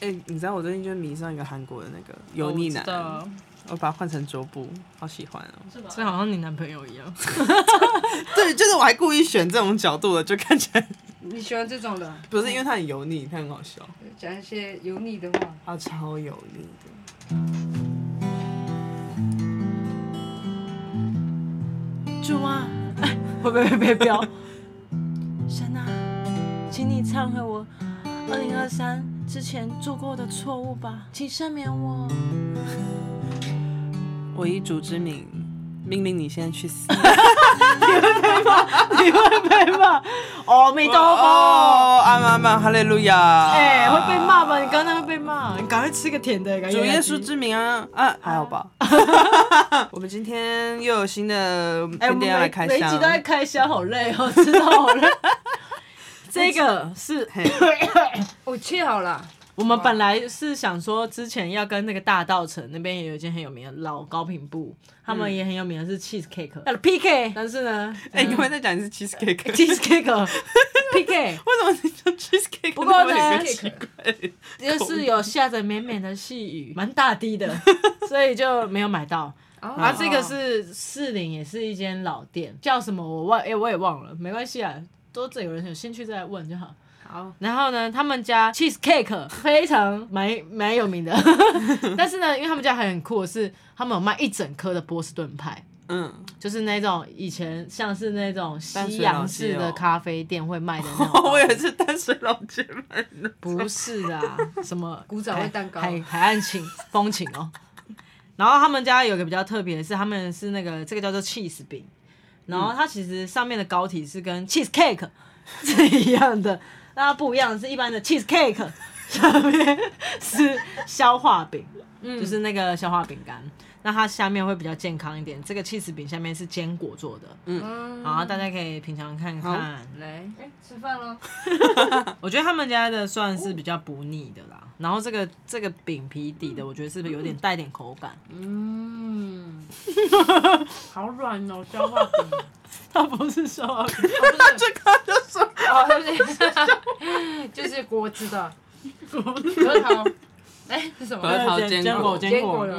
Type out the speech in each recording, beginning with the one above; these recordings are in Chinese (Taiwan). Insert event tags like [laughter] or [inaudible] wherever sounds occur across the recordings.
哎、欸，你知道我最近就迷上一個韓國的那個油膩男、哦我，我把它換成桌布，好喜歡哦。這好像你男朋友一樣。 [laughs] 對，就是我還故意選這種角度的，就看起來你喜歡這種的、啊。不是因為他很油膩，他很好笑，講一些油膩的話，好、啊、超油膩。豬啊！不會不會被標。 [laughs] 神啊，請你懺悔我，二零二三，之前做過的錯誤吧，請赦免我。我以主之名，命令你現在去死 [laughs] 你。你會被罵？你會被罵？哦，沒到過。阿媽媽，哈利路亞。哎，會被罵嗎？你剛才會被罵，趕、啊、快吃個甜的、欸。主耶穌之名啊啊，啊 [laughs] 還好吧。 [laughs] [laughs] 我們今天又有新的來開箱，哎、欸，每每集都在開箱，好累哦，真的好累。 [laughs] 這個是，我切好了。我們本來是想說，之前要跟那個大稻埕那邊也有一間很有名的老高品部，他們也很有名的是 cheese cake。PK，但是呢，哎，剛才在講的是 cheese cake，cheese cake。PK，為什麼你說 cheese cake？不過呢，就是有下着綿綿的細雨，蠻大滴的，所以就沒有買到。啊，這個是士林，也是一間老店，叫什麼我忘，哎，我也忘了，沒關係啊。說這有人有興趣再來問就好。好，然後呢，他們家 cheesecake [laughs] 非常蠻蠻有名的， [laughs] 但是呢，因為他們家還很酷是，是他們有賣一整顆的波士頓派。嗯，就是那種以前像是那種西洋式的咖啡店會賣的那種。我以為是淡水老街賣、哦、的。不是啊， [laughs] 什麼古早味蛋糕、海海岸情風情哦。 [laughs] 然後他們家有一個比較特別的是，他們是那個這個叫做 cheese 餅。嗯、然後它其實上面的膏體是跟 cheese cake 是一樣的，那 [laughs] 它不一樣的是一般的 cheese cake，上面是消化餅、嗯，就是那個消化餅乾，那它下面會比較健康一點。這個 cheese 餅下面是堅果做的，嗯，嗯，好，大家可以平常看看，來，哎、 [laughs] 欸，吃飯嘍。 [laughs] [laughs] 我覺得他們家的算是比較不膩的啦。然後這個這個餅皮底的，我覺得是不是有點帶點口感？嗯，好軟哦，消化餅。 [laughs] 它不是消化餅，它這個就是麼？哦，它不是 [laughs] [laughs] 就是果汁的，果汁 [laughs] 核桃。哎、欸，是什麼堅果？堅果的。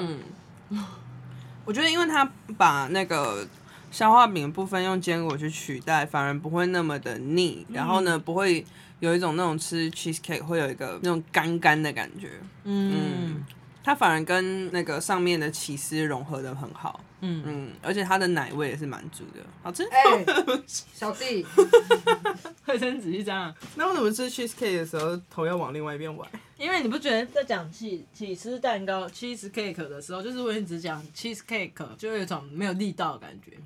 嗯， [laughs] 我覺得因為它把那個消化餅的部分用堅果去取代，反而不會那麼的膩。然後呢，不會。有一種那種吃 cheesecake 會有一個那種乾乾的感覺，嗯，嗯，它反而跟那個上面的起司融合得很好，嗯，嗯，而且它的奶味也是蠻足的，好吃。哎、欸， [laughs] 小弟，會 [laughs] 先仔細講、啊。那為什麼吃 cheesecake 的時候頭要往另外一邊歪？因為你不覺得在講起起司蛋糕 cheesecake 的時候，就是我一直講 cheesecake 就有一種沒有力道的感覺，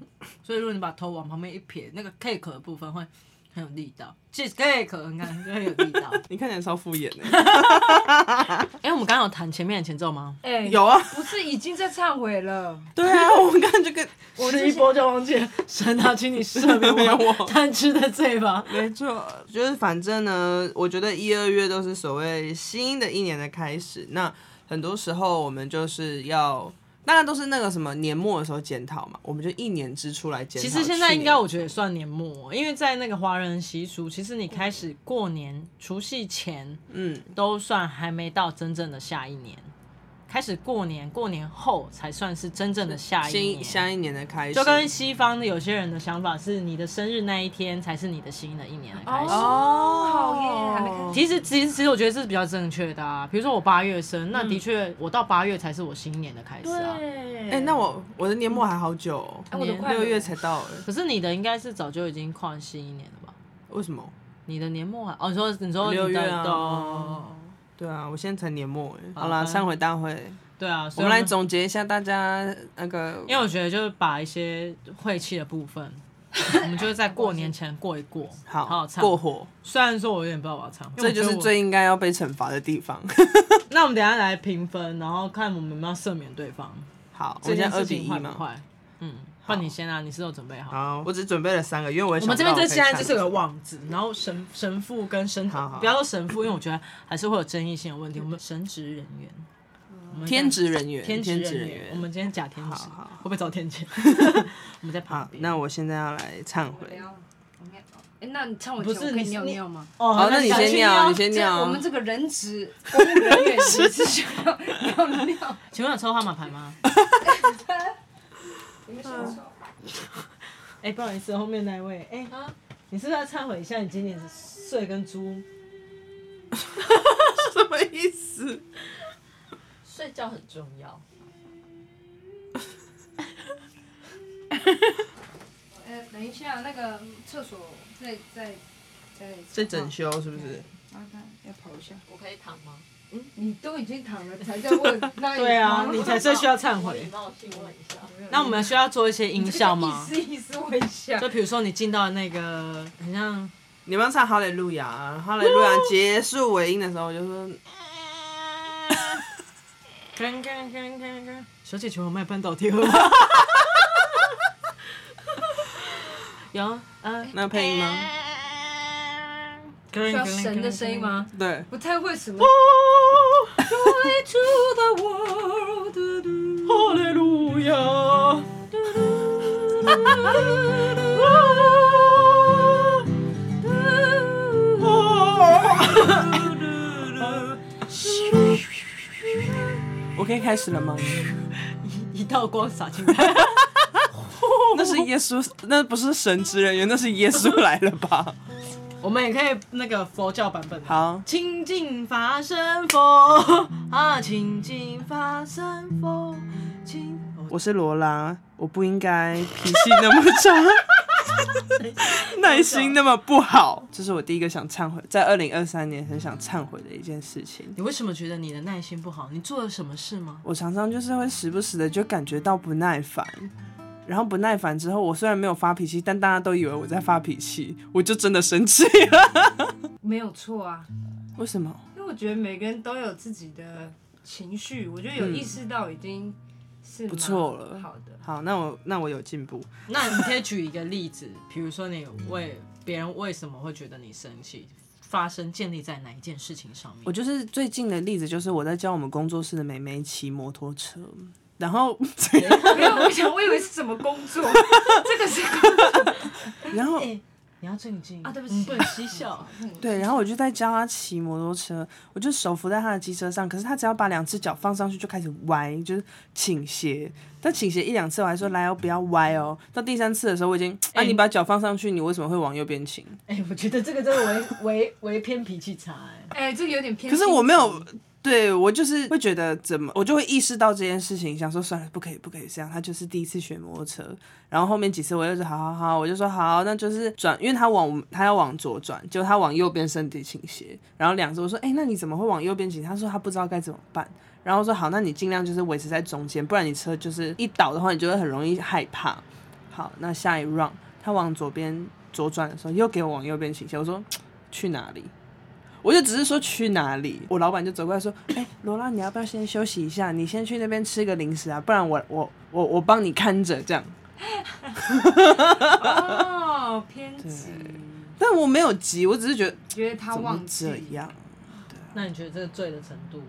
所以如果你把頭往旁邊一撇，那個 cake 的部分會。很有力道，cheesecake 可能看就很有力道。你看起來超敷衍呢、欸。哎、 [laughs] 欸，我們剛剛有彈前面的前奏嗎？哎、欸，有啊。不是已經在懺悔了？對啊， [laughs] 我們剛剛就跟我這一波就忘記了。神 [laughs] 啊，請 [laughs] 你赦免我貪吃的罪吧。沒錯，就是反正呢，我覺得一二月都是所謂新的一年的開始。那很多時候我們就是要。那都是那個什麼年末的時候檢討嘛，我們就一年之初來檢討。其實現在應該我覺得也算年末，因為在那個華人習俗，其實你開始過年除夕前，嗯，都算還沒到真正的下一年。開始過年，過年後才算是真正的下一年，下一年的開始。就跟西方的有些人的想法是，你的生日那一天才是你的新的一年的開始哦、oh oh。好耶，還沒開始。其實，其實，其實我覺得是比較正確的啊。比如說我八月生，那的確我到八月才是我新年的開始啊。哎、欸，那我我的年末還好久、哦，六、啊、月才到。可是你的應該是早就已經跨新一年了吧？為什麼？你的年末還，哦，你說,你說你說六月、啊嗯.對啊，我現在才年末。好啦，上回大會。對啊，所以我，我們來總結一下大家那個。因為我覺得就是把一些晦氣的部分， [laughs] 我們就在過年前過一過。 [laughs] 好，好，過火。雖然說我有點不知道要唱，這就是最應該要被懲罰的地方。我我 [laughs] 那我們等一下來評分，然後看我們有沒有赦免對方。好，直接二比一嘛。嗯。換你先啊，你是否準備好？好，我只準備了三個，因為我也想。我們這邊最現在就是個王子“妄”字，然後神神父跟神好好，不要說神父，嗯，因為我覺得還是會有爭議性的問題。嗯職嗯，我們神職人員，天職人員，天職人，人員，我們今天假天職好好，會不會遭天譴？ [laughs] [laughs] 我們在旁邊。那我現在要來懺悔。哎，欸，那你懺悔前不是我可以尿尿嗎？好，哦哦，那你先尿，尿你先尿。我們這個人職我職也是需要尿尿。請問有抽號碼牌嗎？你們先說。哎、啊欸，不好意思，後面那位，哎、欸、啊，你是不是要懺悔一下？你今天睡跟豬？ [laughs] 什麼意思？睡覺很重要。哎、 [laughs] 欸，等一下，那個廁所在在在。在整修是不是？啊，要跑一下。我可以躺嗎？嗯、你都已經躺了，才叫 [laughs] 對啊，你才最需要懺悔。那我們需要做一些音效嗎？意思意思一就比如說你進到那個，好像你們要唱、啊《哈利路亞》，《哈利路亞》結束尾音的時候，我就說。看看看看看，小姐姐我沒 [laughs] [laughs] [laughs] 有島貼嗎？有啊，那個、配音嗎？需要神的聲音嗎？對，不太會什麼。Hallelujah 我可以開始了嗎？一 [music] 一道光灑進來。 [laughs] 那是耶穌？那不是神職人員？那是耶穌來了吧？我們也可以那個佛教版本。好，清淨法身佛啊，清淨法身佛。清我是羅拉，我不應該脾氣那麼差， [laughs] [laughs] 耐心那麼不好。這、就是我第一個想懺悔，在二零二三年很想懺悔的一件事情。你為什麼覺得你的耐心不好？你做了什麼事嗎？我常常就是會時不時的就感覺到不耐煩。然後不耐煩之後，我雖然沒有發脾氣，但大家都以為我在發脾氣，我就真的生氣了。沒有錯啊，為什麼？因為我覺得每個人都有自己的情緒，我覺得有意識到已經是、嗯、不錯了。好的，好，那我那我有進步。那你可以舉一個例子， [laughs] 比如說你為別人為什麼會覺得你生氣，發生建立在哪一件事情上面？我就是最近的例子，就是我在教我們工作室的美眉騎摩托車。然後，欸、沒有，我想，我以為是什麼工作？ [laughs] 這個是工作。然後、欸、你要正經啊，對不起，不能嬉笑。嗯、對、嬉笑，然後我就在教他騎摩托車，我就手扶在他的機車上，可是他只要把兩只腳放上去，就開始歪，就是傾斜。但傾斜一兩次，我還說、嗯、來，哦，不要歪哦。到第三次的時候，我已經，哎、欸啊，你把腳放上去，你為什麼會往右邊傾？哎、欸，我覺得這個真的微微微偏脾氣差哎、欸，這個有點偏脾氣。可是我沒有。對，我就是會覺得怎麼，我就會意識到這件事情，想說算了，不可以，不可以這樣。他就是第一次學摩托車，然後後面幾次我又說好好好，我就說好，好，那就是轉，因為他往他要往左轉，就他往右邊身體傾斜，然後兩次我說哎，那你怎麼會往右邊傾斜？他說他不知道該怎麼辦，然後我說好，那你盡量就是維持在中間，不然你車就是一倒的話，你就會很容易害怕。好，那下一 round，他往左邊左轉的時候又給我往右邊傾斜，我說去哪裡？我就只是說去哪裡，我老板就走過來說：“哎、欸，羅拉，你要不要先休息一下？你先去那邊吃個零食啊，不然我我我我幫你看着這樣。 [laughs] ”哦，偏激，但我沒有急，我只是覺得，覺得他忘記一樣。對，那你覺得這個醉的程度？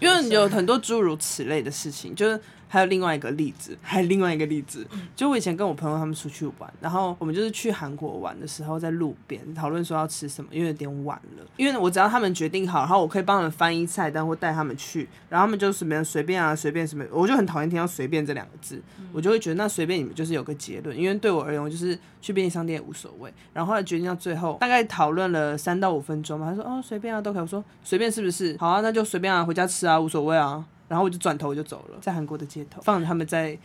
因為有很多諸如此類的事情，就是。還有另外一個例子，還有另外一個例子，就我以前跟我朋友他們出去玩，然後我們就是去韓國玩的時候，在路邊討論說要吃什麼，因為有點晚了。因為我只要他們決定好，然後我可以幫他們翻譯菜單或帶他們去，然後他們就什麼隨便啊，隨便什麼，我就很討厭聽到“隨便”這兩個字，我就會覺得那隨便你們就是有個結論，因為對我而言我就是去便利商店也無所謂。然後來決定到最後大概討論了三到五分鐘吧，他說哦隨便啊都可以，我說隨便是不是？好啊，那就隨便啊，回家吃啊，無所謂啊。然後我就轉頭我就走了，在韓國的街頭放着他們在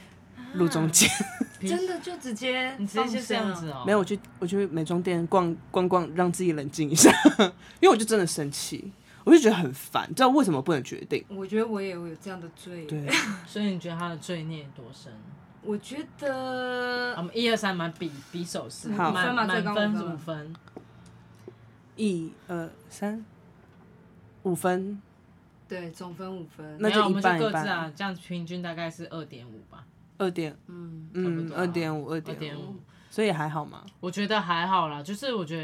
路中間，啊、 [laughs] 真的就直接，你直接就這樣子哦、喔。沒有，我去我去美妝店逛逛逛，讓自己冷靜一下， [laughs] 因為我就真的生氣，我就覺得很煩，知道為什麼不能決定？我覺得我也有這樣的罪，對。 [laughs] 所以你覺得他的罪孽有多深？我覺得我們一二三蠻比、比手勢是滿滿分五分，一二三五分。對，總分五分，那就一半一半啊，沒有，我們就各自啊，一半啊。這樣平均大概是二點五吧。二點，嗯嗯，二點五，二點五，所以還好嗎？我覺得還好啦，就是我覺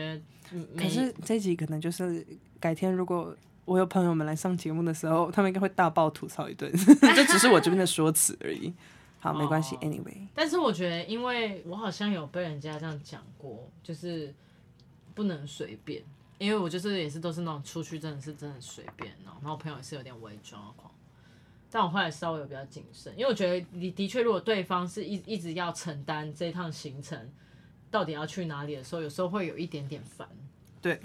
得。可是這一集可能就是改天，如果我有朋友們來上節目的時候，他們應該會大爆吐槽一頓。這 [laughs] [laughs] 只是我這邊的說辭而已。好， [laughs] 沒關係，anyway。但是我覺得，因為我好像有被人家這樣講過，就是不能隨便。因為我就是也是都是那種出去真的是真的隨便，然後朋友也是有點偽裝狂，但我後來稍微有比較謹慎，因為我覺得你的，的確如果對方是一一直要承擔這一趟行程，到底要去哪裡的時候，有時候會有一點點煩。對，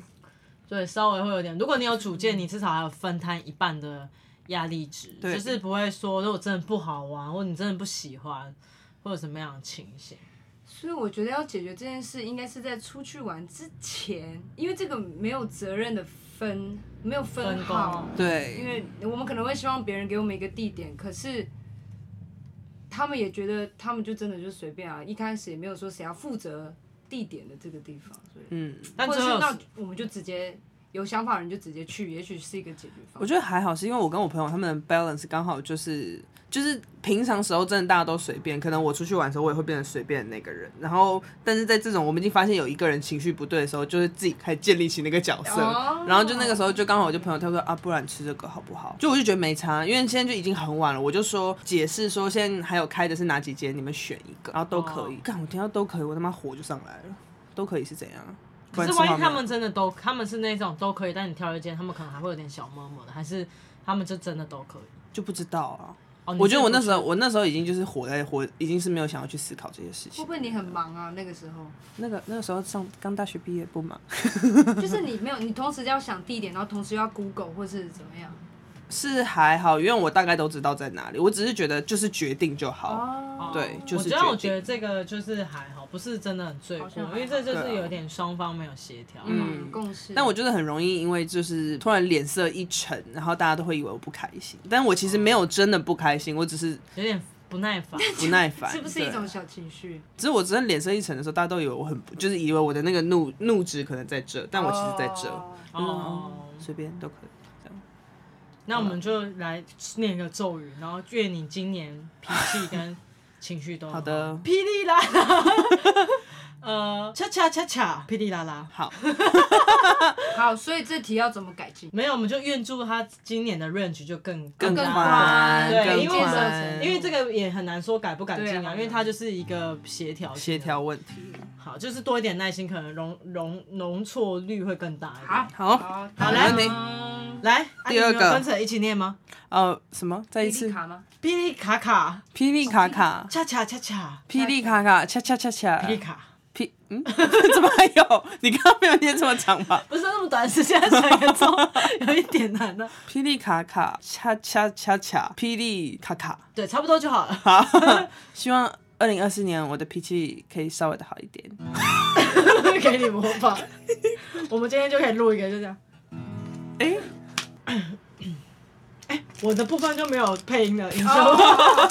對，稍微會有點。如果你有主見，你至少還有分攤一半的壓力值，就是不會說如果真的不好玩，或你真的不喜歡，或者什麼樣的情形。所以我覺得要解決這件事，應該是在出去玩之前，因為這個沒有責任的分，沒有分號，分工，對，因為我們可能會希望別人給我們一個地點，可是他們也覺得他們就真的就隨便啊，一開始也沒有說誰要負責地點的這個地方，所以，嗯，或者是那我們就直接有想法的人就直接去，也許是一個解決方。我覺得還好，是因為我跟我朋友他們的 balance 剛好就是。就是平常時候真的大家都隨便，可能我出去玩的時候我也會變成隨便的那個人。然後，但是在這種我們已經發現有一個人情緒不對的時候，就是自己開始建立起那個角色。Oh. 然後就那個時候就剛好我就朋友他說啊，不然吃這個好不好？就我就覺得沒差，因為現在就已經很晚了，我就說解釋說現在還有開的是哪幾間，你們選一個，然後都可以。幹、oh. 我聽到都可以，我他媽火就上來了。都可以是怎樣？可是萬一他們真的都，他們是那種都可以，但你挑一間，他們可能還會有點小默默的，還是他們就真的都可以，就不知道啊。Oh, 我覺得我那時候，我那時候已經就是活在活，已經是沒有想要去思考這些事情。會不會你很忙啊？那個時候，那個那個時候上剛大學畢業不忙， [laughs] 就是你沒有，你同時要想地點，然後同時又要 Google 或是怎麼樣。是還好，因為我大概都知道在哪裡，我只是覺得就是決定就好，哦、對，就是決定。我覺得我覺得這個就是還好，不是真的很罪過，因為這就是有點雙方沒有協調、啊，嗯，共識，但我就是很容易，因為就是突然臉色一沉，然後大家都會以為我不開心，但我其實沒有真的不開心，我只是有點不耐煩， [laughs] 不耐煩， [laughs] 是不是一種小情緒？只是我真的臉色一沉的時候，大家都以為我很就是以為我的那個怒怒值可能在這，但我其實在這，哦，隨、嗯哦、便都可以。那我們就來念個咒語，然後願你今年脾氣跟情緒都好。好的。霹靂啦啦。呃，恰恰恰恰，霹靂啦啦。好。好，所以這題要怎麼改進？沒有，我們就願祝他今年的 range 就更更寬。對，因為因為這個也很難說改不改進啊，因為它就是一個協調協調問題。好，就是多一點耐心，可能容容容錯率會更大一點。好，好、哦，好嘞。來，第二個，啊、你有有分成一起念嗎？呃，什麼？再一次？霹靂卡，卡卡，霹靂卡卡，恰恰恰恰，霹靂卡卡，恰恰恰恰，霹靂卡，卡，皮嗯？ [laughs] 怎麼還有？你剛剛沒有念這麼長吧？ [laughs] 不是那麼短時間，時間才一分鐘， [laughs] 有一點難呢。霹靂卡卡，恰恰恰恰，霹靂卡卡，對，差不多就好了。好，希望二零二四年我的脾氣可以稍微的好一點。 [laughs] [laughs] 給你模魔仿， [laughs] [laughs] 我們今天就可以錄一個，就這樣。哎、欸。我的部分就沒有配音的音效，啊，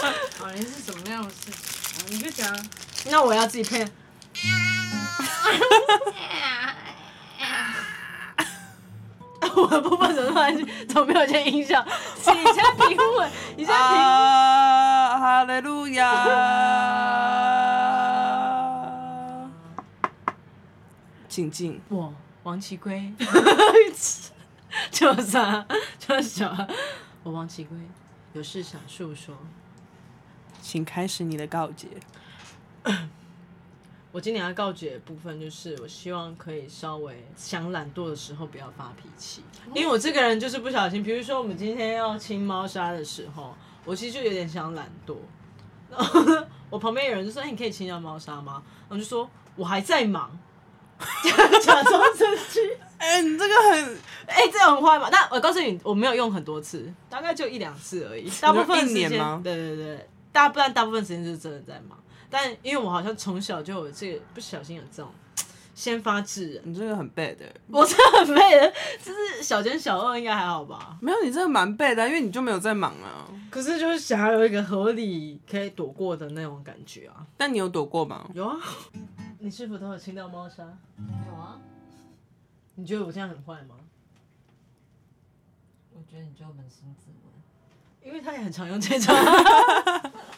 是什麼樣的事？你就講，那我要自己配。我的部分怎麼突然怎麼沒有這音效？你先平穩，你先平穩。哈利路亞。靜靜，我王奇龜。就是，啊就是啊、就是、啊我王奇貴有事想訴說，請開始你的告解。 [coughs] 我今天要告解的部分就是，我希望可以稍微想懶惰的時候不要發脾氣，因為我這個人就是不小心。比如說，我們今天要清貓砂的時候，我其實就有點想懶惰。然後我旁邊有人就說：“哎，你可以清掉貓砂嗎？”然後我就說：“我還在忙， [laughs] 假裝生氣。”哎、欸，你這個很，哎、欸，這樣很壞嘛。那我告訴你，我沒有用很多次，大概就一兩次而已。大部分時間，對對對，大部分大部分時間是真的在忙。但因為我好像從小就有這個，不小心有這種先發制人。你這個很 bad 欸，的我這個很 bad 的，就是小奸小惡應該還好吧？沒有，你這個蠻 bad 的，因為你就沒有在忙啊。可是就是想要有一個合理可以躲過的那種感覺啊。但你有躲過嗎？有啊。你是否都有清掉貓砂？有啊。你覺得我這樣很壞嗎？我覺得你就很心慈了，因為他也很常用這招。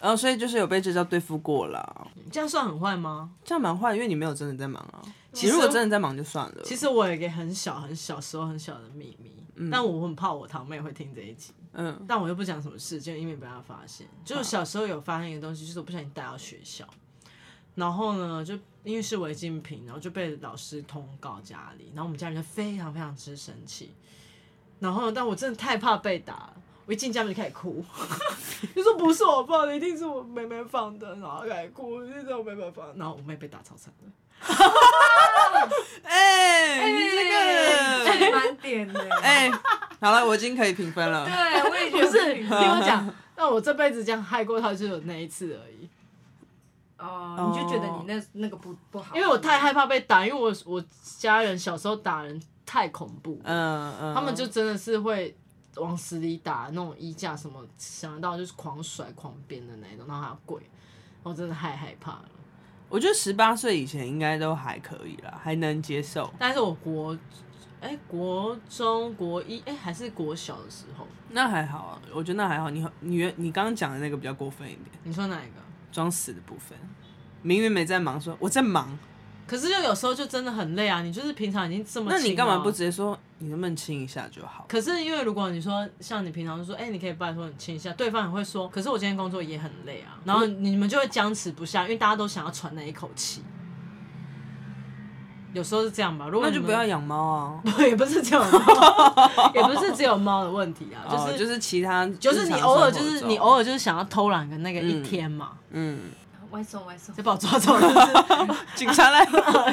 然後所以就是有被這招對付過了。這樣算很壞嗎？這樣蠻壞，因為你沒有真的在忙啊。其實我真的在忙就算了。其實我有一個很小、很小時候很小的秘密、嗯，但我很怕我堂妹會聽這一集。嗯，但我又不講什麼事，就因為被她發現。就、嗯、小時候有發現一個東西，就是我不小心帶到學校。然後呢，就因為是違禁品，然後就被老師通告家裡，然後我們家人就非常非常之生氣。然後，但我真的太怕被打，我一進家門就開始哭， [laughs] 就說不是我放的，一定是我妹妹放的，然後開始哭，就是我妹妹放的， [laughs] 然後我妹被打超慘的。哎、 [laughs] [laughs] [laughs] 欸欸欸，這個蠻點的。哎、欸欸欸，好了， [laughs] 我已經可以評分了。對，我也覺得 [laughs] 不是，聽我講，那 [laughs] 我這輩子這樣害過他，就只有那一次而已。Oh, 你就覺得你那、oh. 那，那個不不好。因為我太害怕被打，因為我我家人小時候打人太恐怖，嗯、uh, uh. 他們就真的是會往死裡打，那種衣架什麼想得到就是狂甩狂鞭的那一種，然後還要跪，我真的太害怕了。我覺得十八歲以前應該都還可以啦，還能接受。但是我國，哎、欸，國中國一哎、欸、還是國小的時候，那還好啊，我覺得那還好。你好你你剛剛講的那個比較過分一點，你說哪一個？裝死的部分，明明沒在忙，說我在忙，可是又有時候就真的很累啊。你就是平常已經這麼了啊，那你幹嘛不直接說，你能不能親一下就好？可是因為如果你說，像你平常說，哎、欸，你可以拜托你親一下，對方也會說，可是我今天工作也很累啊。然後你們就會僵持不下，因為大家都想要喘那一口氣。有時候是這樣吧，如果那就不要養貓啊， [laughs] 也不是只有，也不是只有貓的問題啊，就是、哦、就是其他，就是你偶爾就是你偶爾就是想要偷懶的那個一天嘛，嗯，外送外就把我抓走了，警察來了，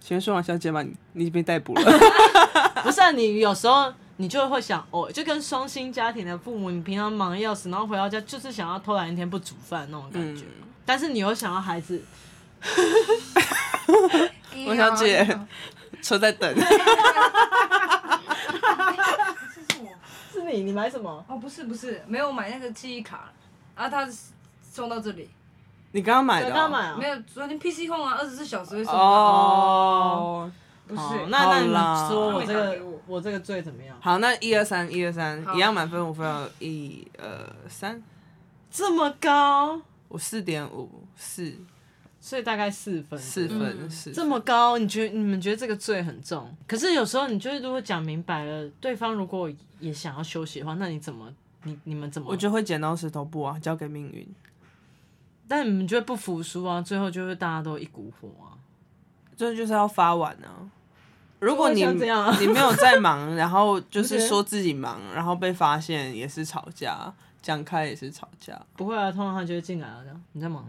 先說往下姐嘛，你你被逮捕了， [laughs] [laughs] 不是啊，你有時候你就會想，哦，就跟雙薪家庭的父母，你平常忙的要死，然後回到家就是想要偷懶一天不煮飯那種感覺，嗯、但是你又想要孩子。 [laughs] 莫小姐，車在等。哈哈哈哈哈！哈哈哈哈哈！是是你，你買什麼？哦，不是，不是，沒有買那個記憶卡，啊，他送到這裡。你剛剛買的、哦？剛剛買的、哦？沒有，昨天 PC home 啊，二十四小時送到哦哦。哦，不是，那那你說我這個，我這個罪怎麼樣？好，那一二三，一二三，一樣滿分五分，一二三，這麼高？我四點五四。所以大概四分，四分、嗯、四分這麼高。你覺得你們覺得這個罪很重？可是有時候你覺得，如果講明白了，對方如果也想要休息的話，那你怎麼你你們怎麼？我就會剪刀石頭布啊，交給命運。但你們覺得不服輸啊，最後就是大家都一股火啊，就是就是要發完啊。如果你這樣、啊、你沒有在忙，然後就是說自己忙， [laughs] okay. 然後被發現也是吵架，講開也是吵架。不會啊，通常他就會進來了。你在忙。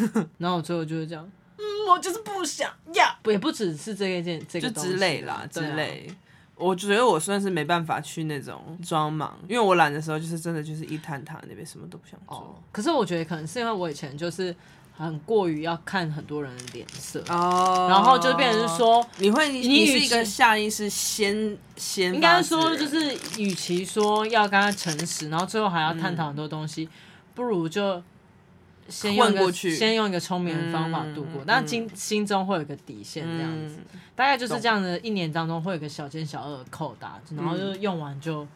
[laughs] 然後最後就是這樣，嗯，我就是不想要，yeah! 也不只是這一件這個之類啦，之類、啊。我覺得我算是沒辦法去那種裝忙，因為我懶的時候就是真的就是一攤攤那邊什麼都不想做。Oh, 可是我覺得可能是因為我以前就是很過於要看很多人的臉色、oh、然後就變成說、oh、你會你是一個下意識先先應該說就是與其說要跟他誠實，然後最後還要探討很多東西，嗯、不如就。先用過去，先用一個聰明的方法度過，嗯、但心心中會有個底線，這樣子，嗯，大概就是這樣子。一年當中會有個小尖小二的扣打，然後就用完就，嗯、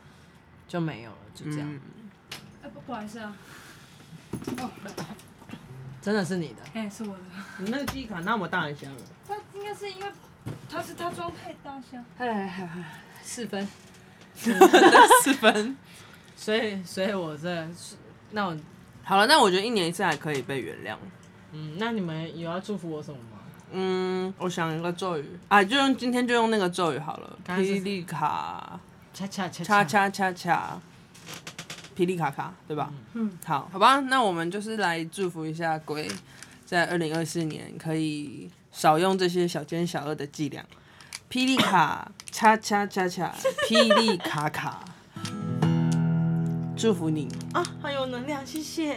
就沒有了，就這樣。哎，欸，不好意思啊，哦。真的是你的？哎，欸，是我的。你那個記憶卡那麼大一箱？它應該是因為它是它裝太大箱。哎哎哎，四分， [laughs] 四分。所以，所以我這那我。好了，那我覺得一年一次還可以被原諒。嗯，那你們有要祝福我什麼嗎？嗯，我想一個咒語，啊，就用今天就用那個咒語好了。剛剛霹靂卡，恰恰恰恰恰恰恰霹靂卡卡，卡卡，對吧？嗯，好好吧，那我們就是來祝福一下鬼，在二零二四年可以少用這些小奸小惡的伎倆。霹靂卡，恰恰恰恰，霹靂卡，卡卡。 [coughs] 祝福你啊！好有能量，謝謝。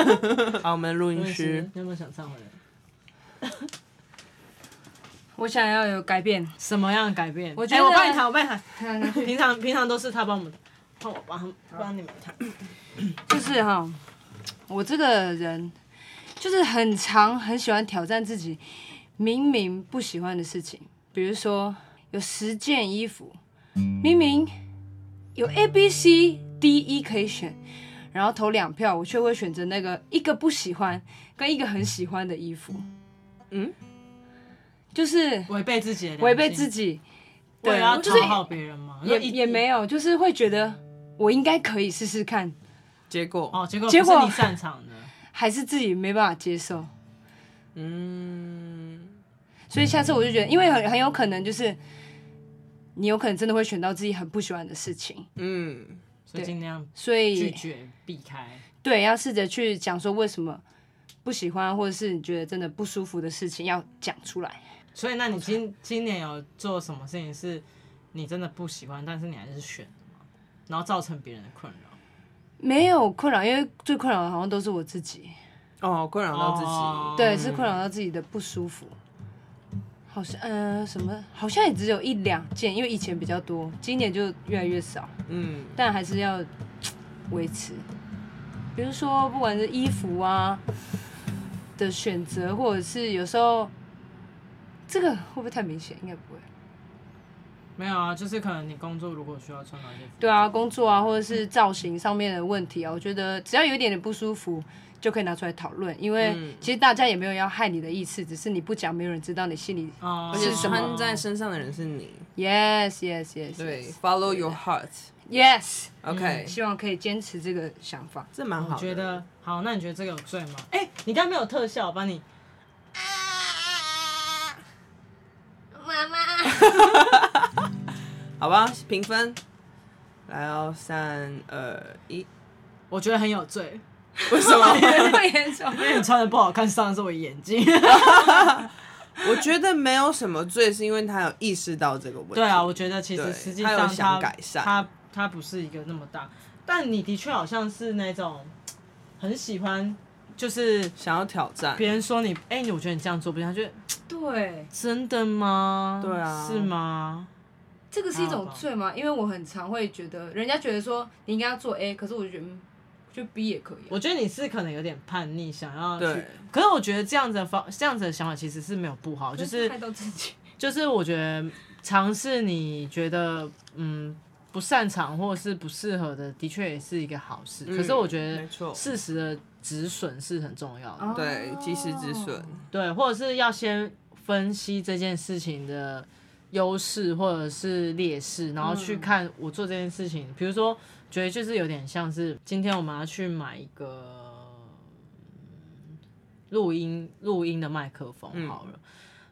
[laughs] 好，我們錄音師，你有沒有想唱的？我想要有改變，什麼樣的改變？我覺得我幫你彈，我幫你彈。平常平常都是他幫我們，換我幫幫你們彈。就是哈，我這個人就是很常很喜歡挑戰自己，明明不喜歡的事情，比如說有十件衣服，明明有 A、B、C。第一可以選，然後投兩票，我卻會選擇那個一個不喜歡跟一個很喜歡的衣服。嗯，就是違背自己違背自己。對啊，就是討好別人嗎？也也沒有，就是會覺得我應該可以試試看。結果哦，結果結果你擅長的，還是自己沒辦法接受。嗯，所以下次我就覺得，因為很很有可能就是你有可能真的會選到自己很不喜歡的事情。嗯。就盡量所以拒絕以避開。對，要試着去講說為什麼不喜歡，或者是你覺得真的不舒服的事情要講出來。所以，那你今、okay. 今年有做什麼事情是你真的不喜歡，但是你還是選的嗎？然後造成別人的困擾？沒有困擾，因為最困擾的好像都是我自己。哦、oh,，困擾到自己，oh, 對，是困擾到自己的不舒服。好像呃什麼，好像也只有一兩件，因為以前比較多，今年就越來越少。嗯，但還是要維持。比如說，不管是衣服啊的選擇，或者是有時候，這個會不會太明顯？應該不會。沒有啊，就是可能你工作如果需要穿哪件。對啊，工作啊，或者是造型上面的問題啊，我覺得只要有一點點不舒服，就可以拿出來討論，因為其實大家也沒有要害你的意思，嗯、只是你不講，沒有人知道你心裡。哦。而且穿在身上的人是你。Yes, yes, yes. yes 對，Follow your heart. Yes. OK.、嗯、希望可以堅持這個想法，這蠻好的我覺得好，那你覺得這個有罪嗎？哎、欸，你剛剛沒有特效，我幫你。媽、啊、媽。媽媽 [laughs] 好吧，評分。來哦，三二一。我覺得很有罪。為什麼？因為眼角，因為你穿的不好看，傷的是我眼睛。 [laughs] [laughs] 我覺得沒有什麼罪，是因為他有意識到這個問題。對啊，我覺得其實實際上想改善他他他不是一個那麼大，但你的確好像是那種很喜歡，就是想要挑戰。別人說你哎，我覺得你這樣做不行，覺得對，真的嗎？對啊，是嗎？這個是一種罪嗎？因為我很常會覺得，人家覺得說你應該要做 A，可是我就覺得。就逼也可以、啊，我覺得你是可能有點叛逆，想要去。對。可是我覺得這樣子的方，這樣子的想法其實是沒有不好，就是害到自己。就是我覺得嘗試你覺得嗯不擅長或者是不適合的，的確也是一個好事。可是我覺得，適時的止損是很重要的。嗯、沒錯。對，及時止損。對，或者是要先分析這件事情的優勢或者是劣勢，然後去看我做這件事情，比如說。覺得就是有點像是今天我們要去買一個錄音錄音的麥克風好了，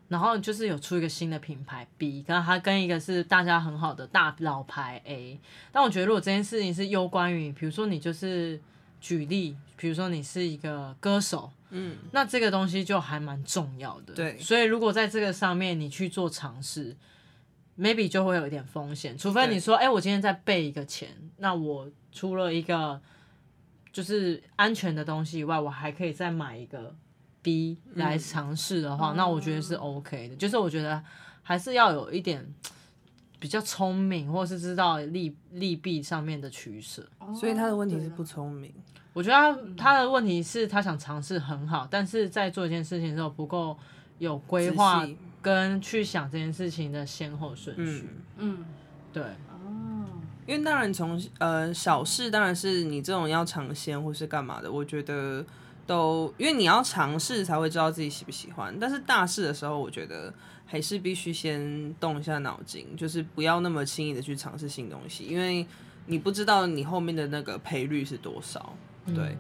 然後就是有出一個新的品牌 B，跟它跟一個是大家很好的大老牌 A，但我覺得如果這件事情是攸關於，比如說你就是舉例，比如說你是一個歌手，嗯，那這個東西就還蠻重要的，對，所以如果在這個上面你去做嘗試。maybe 就會有一點風險，除非你說，哎、欸，我今天再備一個錢，那我除了一個就是安全的東西以外，我還可以再買一個 B 來嘗試的話、嗯，那我覺得是 OK 的、嗯。就是我覺得還是要有一點比較聰明，或是知道利利弊上面的取捨。所以他的問題是不聰明。我覺得他、嗯、他的問題是，他想嘗試很好，但是在做一件事情的時候不夠有規劃。跟去想這件事情的先後順序，嗯，嗯，對，哦，因為當然從呃小事當然是你這種要嘗鮮或是幹嘛的，我覺得都因為你要嘗試才會知道自己喜不喜歡。但是大事的時候，我覺得還是必須先動一下腦筋，就是不要那麼輕易的去嘗試新東西，因為你不知道你後面的那個賠率是多少，對。嗯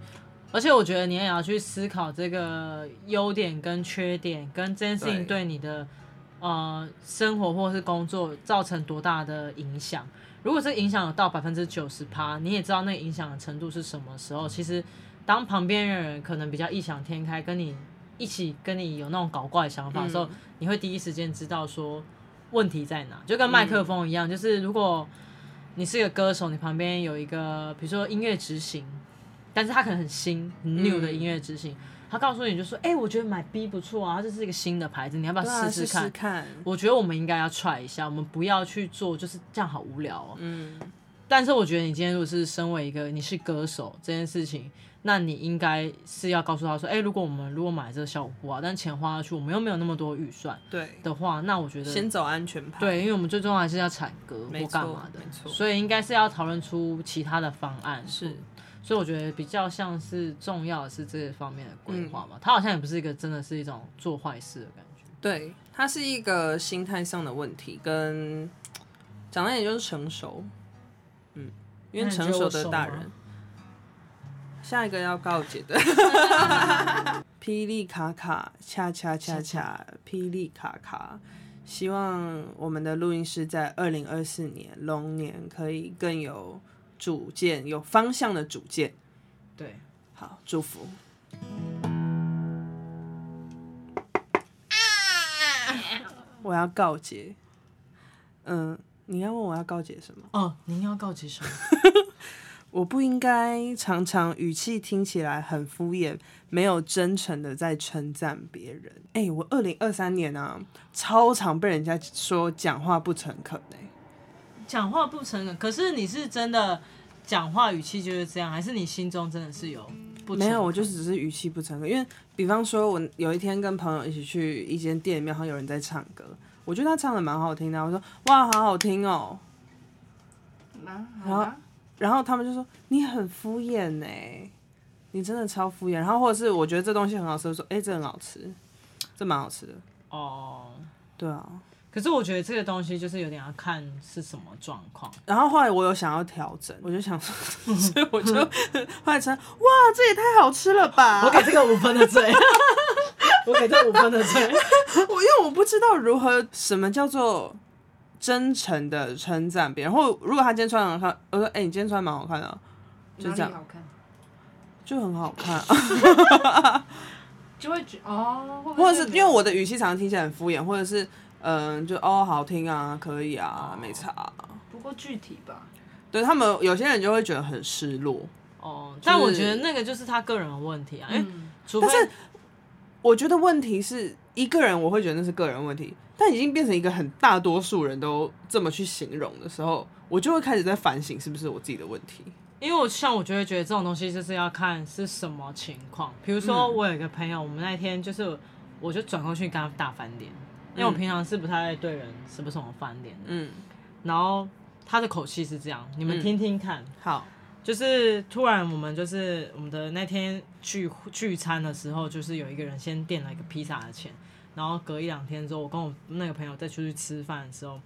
而且我覺得你也要去思考這個優點跟缺點，跟這件事情對你的對呃，生活或是工作造成多大的影響。如果這個影響有到百分之九十八，你也知道那個影響的程度是什麼時候。嗯、其實當旁邊的人可能比較異想天開，跟你一起跟你有那種搞怪的想法的時候，嗯、你會第一時間知道說問題在哪。就跟麥克風一樣，嗯，就是如果你是一個歌手，你旁邊有一個比如說音樂執行。但是他可能很新、很 new 的音樂之星，嗯、他告訴你就說：“哎、欸，我覺得買 B 不錯啊，這是一個新的牌子，你要不要試試看、對啊、看？”我覺得我們應該要 try 一下，我們不要去做，就是這樣好無聊哦、喔。嗯。但是我覺得你今天如果是身為一個你是歌手這件事情，那你應該是要告訴他說：“哎、欸，如果我們如果買這個效果啊，但錢花出去，我們又沒有那麼多預算，對的話，那我覺得先走安全牌，對，因為我們最重要還是要產歌或幹嘛的，所以應該是要討論出其他的方案是。”所以我覺得比較像是重要的是這些方面的規劃吧。他、嗯、好像也不是一個真的是一種做壞事的感覺。對，他是一個心態上的問題，跟長得也就是成熟嗯，嗯，因為成熟的大人，下一個要告解的， [laughs] 霹靂卡卡，恰恰恰恰，霹靂卡卡，希望我們的錄音師在二零二四年龍年可以更有。主見有方向的主見，對，好，祝福。我要告解，嗯、呃，你要問我要告解什麼？哦，您要告解什麼？ [laughs] 我不應該常常語氣聽起來很敷衍，沒有真誠的在稱讚別人。哎、欸，我二零二三年啊，超常被人家說講話不誠懇哎。講話不誠懇，可是你是真的講話語氣就是這樣，還是你心中真的是有不誠懇？沒有，我就只是語氣不誠懇。因為，比方說我有一天跟朋友一起去一間店裡面，然後有人在唱歌，我覺得他唱的蠻好聽的，我說哇，好好聽哦。然後，然後他們就說你很敷衍哎，你真的超敷衍。然後，或者是我覺得這東西很好吃，我說哎，這很好吃，這蠻好吃的。哦，對啊。可是我覺得這個東西就是有點要看是什麼狀況。然後後來我有想要調整，我就想說， [laughs] 所以我就換成 [laughs] 哇，這也太好吃了吧！我給這個五分的罪， [laughs] 我給這個五分的罪。 [laughs] 我因為我不知道如何什麼叫做真誠的稱讚別人。然後如果他今天穿很好看，我說哎、欸，你今天穿蠻好看的，就這樣，好看就很好看， [laughs] [laughs] 就會覺得哦會會，或者是因為我的語氣常常聽起來很敷衍，或者是。嗯，就哦，好聽啊，可以啊，哦、沒差、啊。不過具體吧，對他們有些人就會覺得很失落、就是、哦。但我覺得那個就是他個人的問題啊，因、嗯、為、欸、除非，我覺得問題是一個人，我會覺得那是個人問題。但已經變成一個很大多數人都這麼去形容的時候，我就會開始在反省是不是我自己的問題？因為我像，我就會覺得這種東西就是要看是什麼情況。比如說，我有一個朋友，我們那天就是，我就轉過去跟他大翻臉。因為我平常是不太愛對人，嗯，什麼時候翻臉？嗯，然後他的口氣是這樣，你們聽聽看，嗯。好，就是突然我們就是我們的那天聚聚餐的時候，就是有一個人先墊了一個披薩的錢，然後隔一兩天之後，我跟我那個朋友再出去吃飯的時候，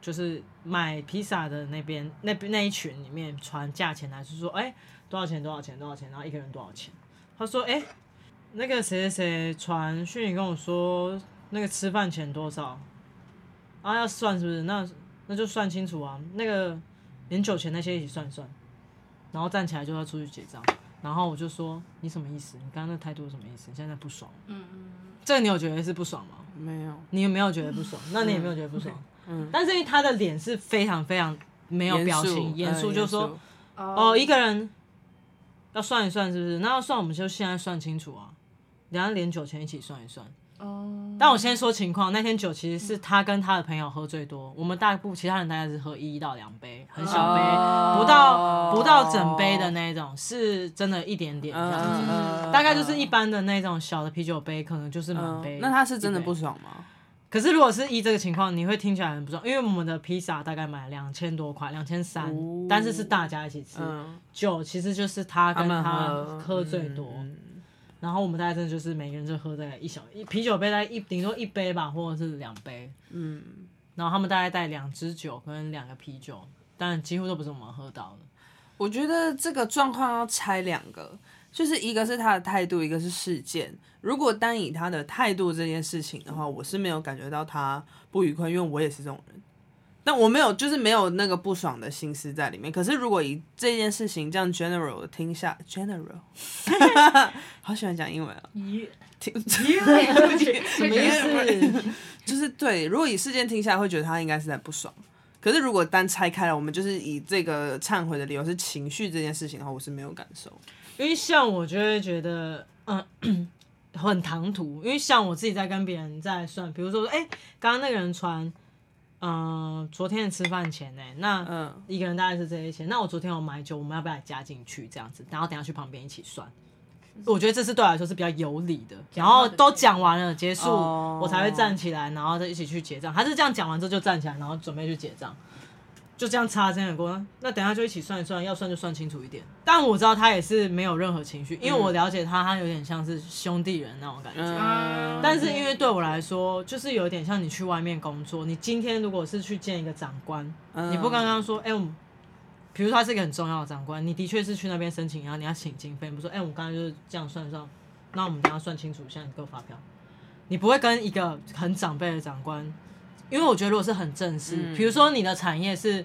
就是買披薩的那邊那邊那一群裡面傳價錢來說說，是說哎多少錢多少錢多少錢，然後一個人多少錢？他說哎，欸，那個誰誰誰傳訊息跟我說。那個吃飯錢多少？啊，要算是不是？那那就算清楚啊。那個連酒錢那些一起算一算，然後站起來就要出去結賬。然後我就說，你什麼意思？你剛剛那態度有什麼意思？你現在,在不爽？嗯嗯。這個、你有覺得是不爽嗎？沒有。你有沒有覺得不爽？那你也沒有覺得不爽？嗯。嗯 okay, 嗯但是因為他的臉是非常非常沒有表情，嚴肅就說，哦、呃呃，一個人要算一算，是不是？那要算我們就現在算清楚啊，兩人連酒錢一起算一算。但我先說情況，那天酒其實是他跟他的朋友喝最多，我們大部其他人大概是喝一到兩杯，很小杯，不到不到整杯的那種，是真的一點點這樣子、嗯，大概就是一般的那種小的啤酒杯，可能就是滿杯一杯、嗯。那他是真的不爽嗎？可是如果是以這個情況，你會聽起來很不爽，因為我們的披薩大概買兩千多塊，兩千三，但是是大家一起吃、嗯，酒其實就是他跟他喝最多。嗯然後我們大概真的就是每個人就喝在一小一啤酒杯在一頂多一杯吧，或者是兩杯。嗯，然後他們大概帶兩支酒跟兩個啤酒，但幾乎都不是我們喝到的。我覺得這個狀況要拆兩個，就是一個是他的態度，一個是事件。如果單以他的態度這件事情的話，我是沒有感覺到他不愉快，因為我也是這種人。但我沒有，就是沒有那個不爽的心思在裡面。可是如果以這件事情這樣 general 聽下 [laughs] general， [laughs] 好喜歡講英文啊、喔，聽什麼意思？ [laughs] 就是對，如果以事件聽下來，會覺得他應該是在不爽。可是如果單拆開了，我們就是以這個懺悔的理由是情緒這件事情的話，我是沒有感受。因為像我就會覺得嗯， [coughs] 很唐突。因為像我自己在跟別人在算，比如說哎，剛、欸、剛那個人穿。嗯，昨天的吃飯錢呢？那嗯，一個人大概是這些錢。那我昨天有買酒，我們要不要加進去？這樣子，然後等下去旁邊一起算。我覺得這是對我來說是比較有理的。然後都講完了結束、哦，我才會站起來，然後再一起去結賬。他是這樣講完之後就站起來，然後準備去結賬。就這樣擦這樣過，那等下就一起算一算，要算就算清楚一點。但我知道他也是沒有任何情緒、嗯，因為我了解他，他有點像是兄弟人那種感覺、嗯。但是因為對我來說，就是有點像你去外面工作，你今天如果是去見一個長官，嗯、你不剛剛說，哎、欸，我們，比如說他是一個很重要的長官，你的確是去那邊申請，然後你要請經費，不說，哎、欸，我們剛剛就是這樣算一算，那我們等下算清楚，現在你給我發票，你不會跟一個很長輩的長官。因為我覺得，如果是很正式，比如說你的產業是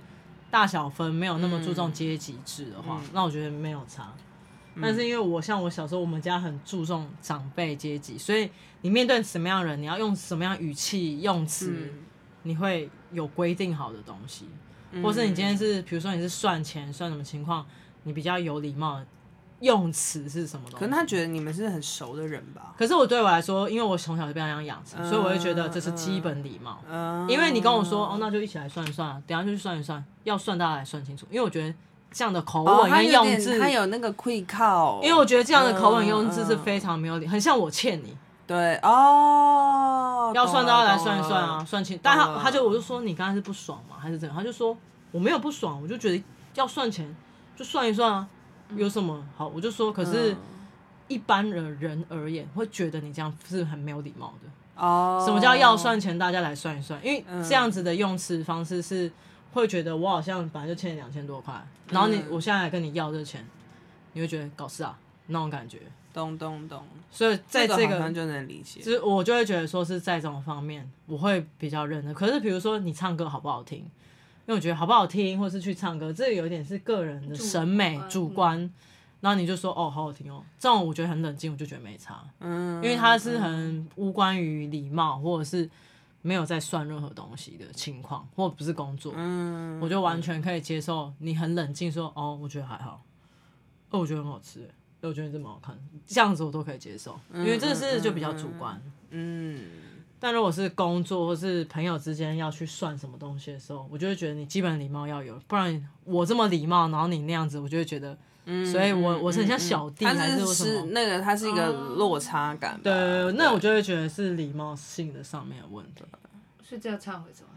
大小分沒有那麼注重階級制的話、嗯，那我覺得沒有差。嗯、但是因為我像我小時候，我們家很注重長輩階級，所以你面對什麼樣的人，你要用什麼樣語氣用詞、嗯，你會有規定好的東西。或是你今天是，比如說你是算錢算什麼情況，你比較有禮貌。用詞是什麼？可能他覺得你們是很熟的人吧。可是我對我來說，因為我從小就被他養成、嗯，所以我會覺得這是基本禮貌、嗯。因為你跟我說、嗯，哦，那就一起來算一算啊，等下就去算一算，要算大家來算清楚。因為我覺得這樣的口吻跟用字、哦他，他有那個愧疚、哦。因為我覺得這樣的口吻用字是非常沒有禮、嗯，很像我欠你。對哦，要算大家來算一算啊，算清。但他他就我就說，你剛才是不爽嗎？還是怎、這、樣、個？他就說我沒有不爽，我就覺得要算錢，就算一算啊。有什麼好，我就說。可是，一般人而言，會覺得你這樣是很沒有禮貌的。哦、oh,，什麼叫要算錢，大家來算一算？因為這樣子的用詞方式是會覺得我好像本來就欠你兩千多塊，然後你、嗯、我現在來跟你要這個錢，你會覺得搞事啊那種感覺。懂懂懂。所以在這個、這個、就，就是我就會覺得說，是在這種方面我會比較認真。可是比如說你唱歌好不好聽？因為我覺得好不好聽，或是去唱歌，這個有點是個人的審美主觀、主觀。然後你就說哦，好好聽哦，這種我覺得很冷靜，我就覺得沒差。嗯嗯，因為它是很無關於禮貌，或者是沒有在算任何東西的情況，或不是工作嗯嗯嗯。我就完全可以接受你很冷靜說哦，我覺得還好。哦，我覺得很好吃。哦，我覺得這麼好看，這樣子我都可以接受。因為這個是就比較主觀。嗯、嗯、嗯、嗯。嗯但如果是工作或是朋友之間要去算什麼東西的時候，我就會覺得你基本禮貌要有，不然我這麼禮貌，然後你那樣子，我就會覺得，嗯、所以我、嗯、我是很像小弟、嗯、還是什麼？它是是那個他是一個落差感，啊、對，對，對，對，對，對，那個、我就會覺得是禮貌性的上面的問題。是叫懺悔什麼？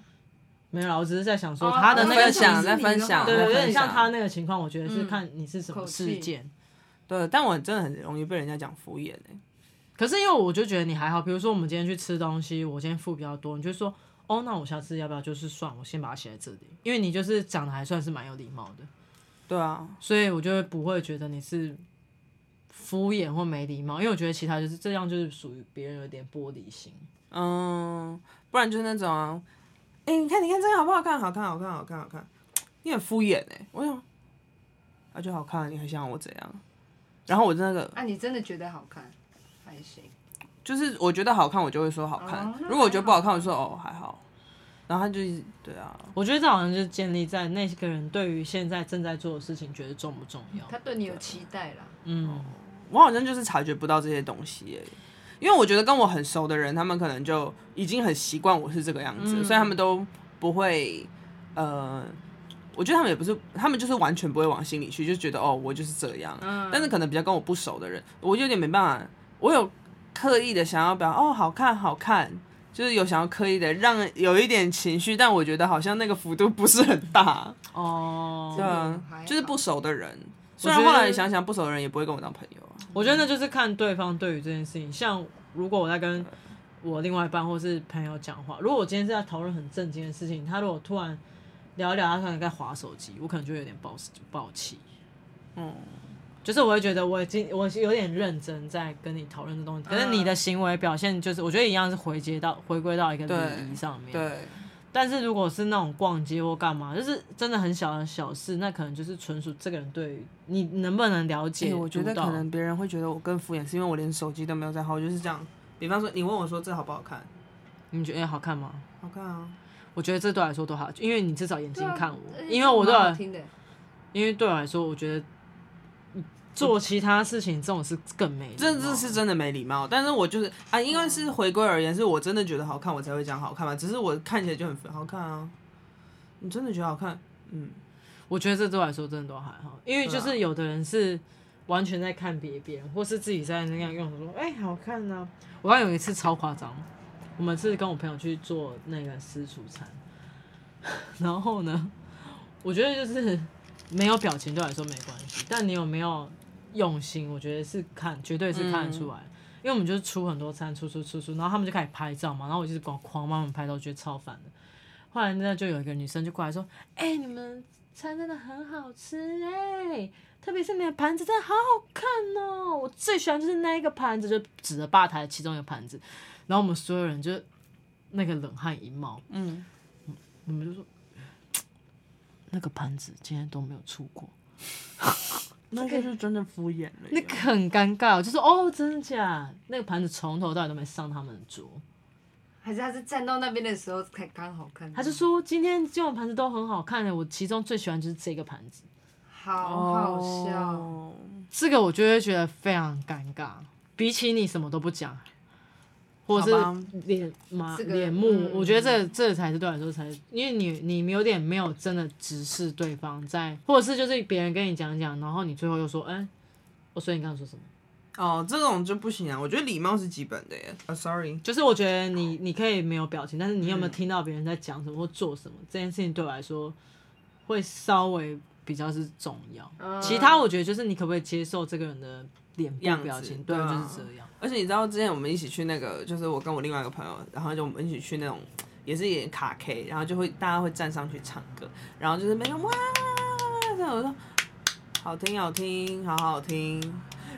沒有啦，我只是在想說他的那個想、oh, 在，分你在分享，對，對，對，我有點像他那個情況，我覺得是看你是什麼事件。對，但我真的很容易被人家講敷衍哎、欸。可是因為我就覺得你還好，比如說我們今天去吃東西，我今天付比較多，你就說哦，那我下次要不要就是算了我先把它寫在這裡？因為你就是講的還算是蠻有禮貌的，對啊，所以我就不會覺得你是敷衍或沒禮貌，因為我覺得其他就是這樣就是屬於別人有點玻璃心，嗯，不然就是那種哎、啊欸，你看你看這個好不好看？好看，好看，好看，好看，你很敷衍哎、欸，我想麼、啊？就好看，你還想我怎樣？然後我那個，啊，你真的覺得好看？行，就是我覺得好看，我就會說好看、哦好。如果我覺得不好看我就，我說哦還好。然後他就對啊，我覺得這好像就建立在那些人對於現在正在做的事情覺得重不重要。嗯、他對你有期待了，嗯，我好像就是察覺不到這些東西，因為我覺得跟我很熟的人，他們可能就已經很習慣我是這個樣子、嗯，所以他們都不會呃，我覺得他們也不是，他們就是完全不會往心裡去，就覺得哦我就是這樣、嗯。但是可能比較跟我不熟的人，我有點沒辦法。我有刻意的想要表哦，好看好看，就是有想要刻意的讓有一點情緒，但我覺得好像那個幅度不是很大哦，這 [laughs] 樣、嗯啊嗯、就是不熟的人，雖然後來想想，不熟的人也不會跟我當朋友啊。我覺得那就是看對方對於這件事情，像如果我在跟我另外一半或是朋友講話，如果我今天是在討論很正經的事情，他如果突然聊一聊他可能在滑手機，我可能就有點爆爆氣，嗯。就是我會覺得我今我有點認真在跟你討論這東西，可是你的行為表現就是，我覺得一樣是回接到回歸到一個禮儀上面，對。對。但是如果是那種逛街或幹嘛，就是真的很小的小事，那可能就是純屬這個人對你能不能了解。欸、我覺得可能別人會覺得我更敷衍，是因為我連手機都沒有在。好，就是這樣。比方說，你問我說這好不好看？你覺得、欸、好看嗎？好看啊。我覺得這對我來說都好，因為你至少眼睛看我，欸、因為我對。因為對我來說，我覺得。做其他事情這種是更沒，真、嗯、的是真的沒禮貌。但是我就是啊，應該是回歸而言，是我真的覺得好看，我才會講好看嘛。只是我看起來就很粉，好看啊！你真的覺得好看？嗯，我覺得這對我來說真的都還好，因為就是有的人是完全在看別人、啊，或是自己在那樣用的時候：‘哎、欸，好看啊’。我剛有一次超誇張，我們是跟我朋友去做那個私廚餐，然後呢，我覺得就是沒有表情，對我來說沒關係。但你有沒有？用心，我覺得是看，絕對是看得出來、嗯。因為我們就是出很多餐，出出出出，然後他們就開始拍照嘛。然後我就是狂狂幫他們拍照，覺得超煩的。後來那就有一個女生就過來說：“哎、欸，你們餐真的很好吃哎、欸，特別是你的盤子真的好好看哦、喔，我最喜歡就是那一個盤子，就指着吧台其中一個盤子。”然後我們所有人就那個冷汗一冒，嗯，我們就說那個盤子今天都沒有出過。那個是真的敷衍了、這個。那個很尷尬，我就是哦，真的假？那個盤子從頭到尾都沒上他們的桌，還是他是站到那邊的時候才剛好看、啊？他是說今天這種盤子都很好看的、欸，我其中最喜歡的就是這個盤子。好好笑、哦，oh, 這個我就會覺得非常尷尬。比起你什麼都不講。或者是臉嘛，臉、這個、目、嗯，我覺得這個、這個、才是對我來說才，因為你你，你有點沒有真的直視對方在，或者是就是別人跟你講講，然後你最後又說，哎、欸，我說你剛剛說什麼？哦，這種就不行啊！我覺得禮貌是基本的耶。啊、oh，sorry，就是我覺得你你可以沒有表情，但是你有沒有聽到別人在講什麼或做什麼、嗯？這件事情對我來說會稍微比較是重要、呃。其他我覺得就是你可不可以接受這個人的？臉表情樣子對，對、啊、就是這樣，而且你知道之前我們一起去那個，就是我跟我另外一個朋友，然後就我們一起去那種，也是一點卡 K，然後就會大家會站上去唱歌，然後就是沒有哇，這樣我說好聽好聽好，好好聽，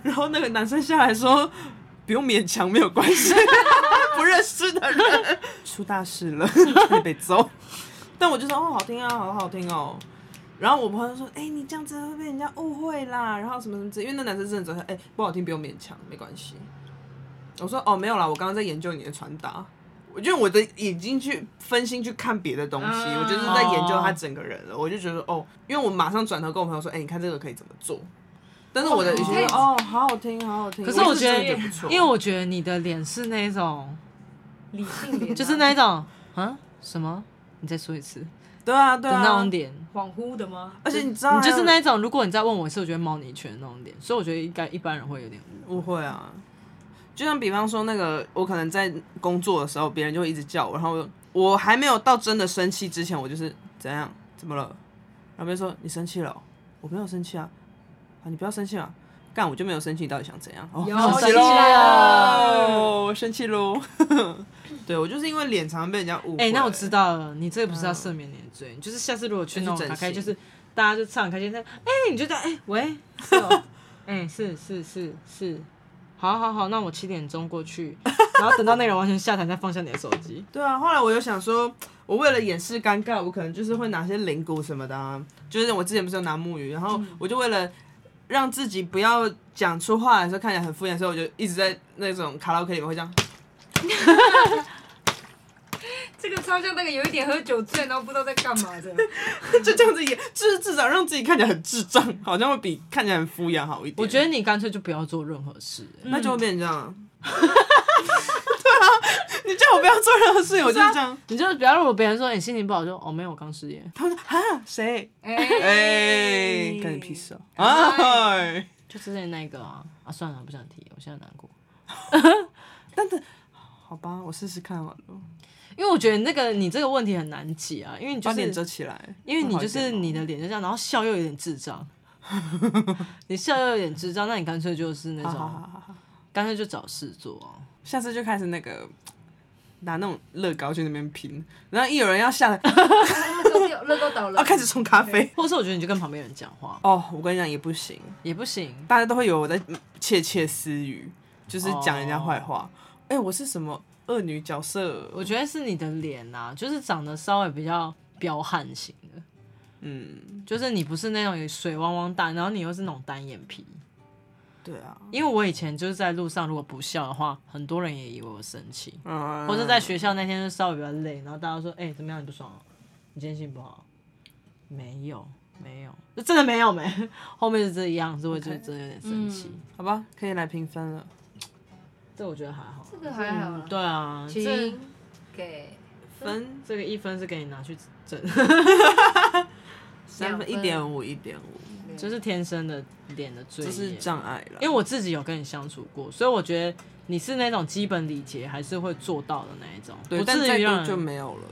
然後那個男生下來說不用勉強沒有關係， [laughs] 不認識的人 [laughs] 出大事了，你被揍， [laughs] [laughs] 但我就說哦好聽啊，好好好聽哦。然後我朋友說：“哎、欸，你這樣子會被人家誤會啦。”然後什麼什麼之類，因為那男生真的覺得，哎、欸，不好聽，不用勉強，沒關係。我說：“哦，沒有啦，我剛剛在研究你的穿搭，因為我的眼睛去分心去看別的東西、嗯，我就是在研究他整個人了。哦、我就覺得哦，因為我馬上轉頭跟我朋友說：‘哎、欸，你看這個可以怎麼做？’但是我的語氣哦，哦，、欸、哦，好好聽，好好聽。’可是我覺得，我覺得不錯，因為我覺得你的臉是那種理性臉， [laughs] 就是那種啊？什麼？你再說一次。”對啊，對啊，那種點恍惚的嗎？而且你知道嗎，你就是那一種，如果你再問我一次，我覺得貓你一拳的那種點。所以我覺得應該一般人會有點誤會啊。就像比方說那個，我可能在工作的時候，別人就會一直叫我，然後我，我還沒有到真的生氣之前，我就是怎樣怎麼了？然後別人說你生氣了，哦，我沒有生氣啊，啊你不要生氣啊，幹我就沒有生氣，你到底想怎樣？哦，有生氣了，生氣嘍。生氣咯對，我就是因為臉常被人家誤會。哎、欸，那我知道了，你這個不是要赦免你的罪，嗯、你就是下次如果去、欸、那種開，就是大家就唱開心，但哎、欸，你就這樣哎、欸，喂， [laughs] so, 欸、是，哦，嗯，是是是是，好好好，那我七點鐘過去， [laughs] 然後等到那個完全下台再放下你的手機。對啊，後來我又想說，我為了掩飾尷尬，我可能就是會拿些鈴鼓什麼的，啊，就是我之前不是有拿木魚，然後我就為了讓自己不要講出話的時候看起來很敷衍的時候，所以我就一直在那種卡拉 OK 裡面我會這樣。 [laughs] [laughs] 這個超像那個，有一點喝酒醉，然後不知道在幹嘛的， [laughs] 就這樣子，也就是至少讓自己看起來很智障，好像會比看起來很敷衍好一點。我覺得你乾脆就不要做任何事、欸，那就會變成這樣。 [laughs] 對啊，你叫我不要做任何事、欸 [laughs] 不啊，我就這樣。你就比方，如果別人說你、欸、心情不好，說哦沒有，我剛失業。他們說啊誰？哎，干你屁事啊！哎、欸欸啊啊，就是那那個啊啊算了，不想提，我現在難過。 [laughs] [laughs] 但是。好吧，我試試看完、喔、了。因為我覺得那個你這個問題很難解啊，因為你、就是、把臉遮起來，因為你就是你的臉就這樣、喔，然後笑又有點智障， [laughs] 你笑又有點智障，那你乾脆就是那種，乾、啊、脆就找事做、喔，下次就開始那個拿那種樂高去那邊拼，然後一有人要下來，樂 [laughs] 高、 [laughs] 啊那個、倒了，啊，開始沖咖啡，okay. 或是我覺得你就跟旁邊人講話哦，oh, 我跟你講也不行，也不行，大家都會以為我在竊竊私語，就是講人家壞話。Oh. 哎、欸，我是什麼惡女角色？我覺得是你的臉啊，就是長得稍微比較彪悍型的，嗯，就是你不是那種水汪汪大，然後你又是那種單眼皮，對啊。因為我以前就是在路上，如果不笑的話，很多人也以為我生氣。嗯。或者在學校那天就稍微比較累，然後大家說：“哎、欸，怎麼樣？你不爽？你今天心情不好？”沒有，沒有，就真的沒有沒。後面是這樣，我會真的有點生氣 okay,、嗯，好吧，可以來評分了。這我覺得還好，這個還好、嗯。對啊，這分給分，這個一分是給你拿去整。 [laughs] 三分一點五，一點五，就是天生的臉的最，就是障礙了。因為我自己有跟你相處過，所以我覺得你是那種基本理解還是會做到的那一種，對，我但再多就沒有了。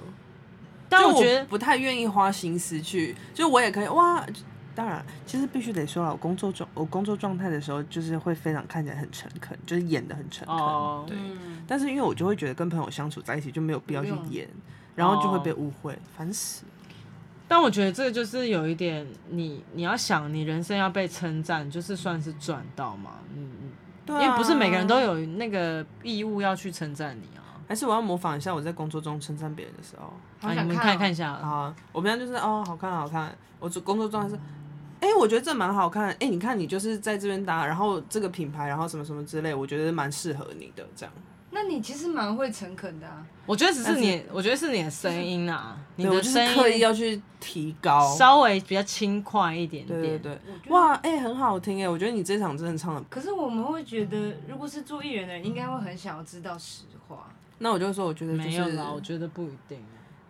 但我覺得我不太願意花心思去，就我也可以哇。當然，其實必須得說我工作狀，我工作狀態的時候，就是會非常看起來很誠懇，就是演得很誠懇，oh, 對、嗯。但是因為我就會覺得跟朋友相處在一起就沒有必要去演，嗯、然後就會被誤會，煩、oh, 死。但我覺得這個就是有一點你，你你要想，你人生要被稱讚，就是算是賺到嘛，嗯嗯、啊。因為不是每個人都有那個義務要去稱讚你啊。還是我要模仿一下我在工作中稱讚別人的時候，好哦啊、你們看一看一下、嗯、好、啊，我平常就是哦，好看，好看。我做工作狀態是。嗯哎、欸，我覺得這蠻好看的。哎、欸，你看你就是在這邊搭，然後這個品牌，然後什麼什麼之類，我覺得蠻適合你的。這樣，那你其實蠻會誠懇的、啊。我覺得只是你，是我覺得是你的聲音啊，就是、你的聲音要去，我刻意要去提高，稍微比較輕快一點點。對對對，哇，哎、欸，很好聽哎、欸，我覺得你這場真的唱得。可是我們會覺得，如果是做藝人的，人，應該會很想要知道實話。嗯嗯、那我就說，我覺得、就是、沒有啦，我覺得不一定。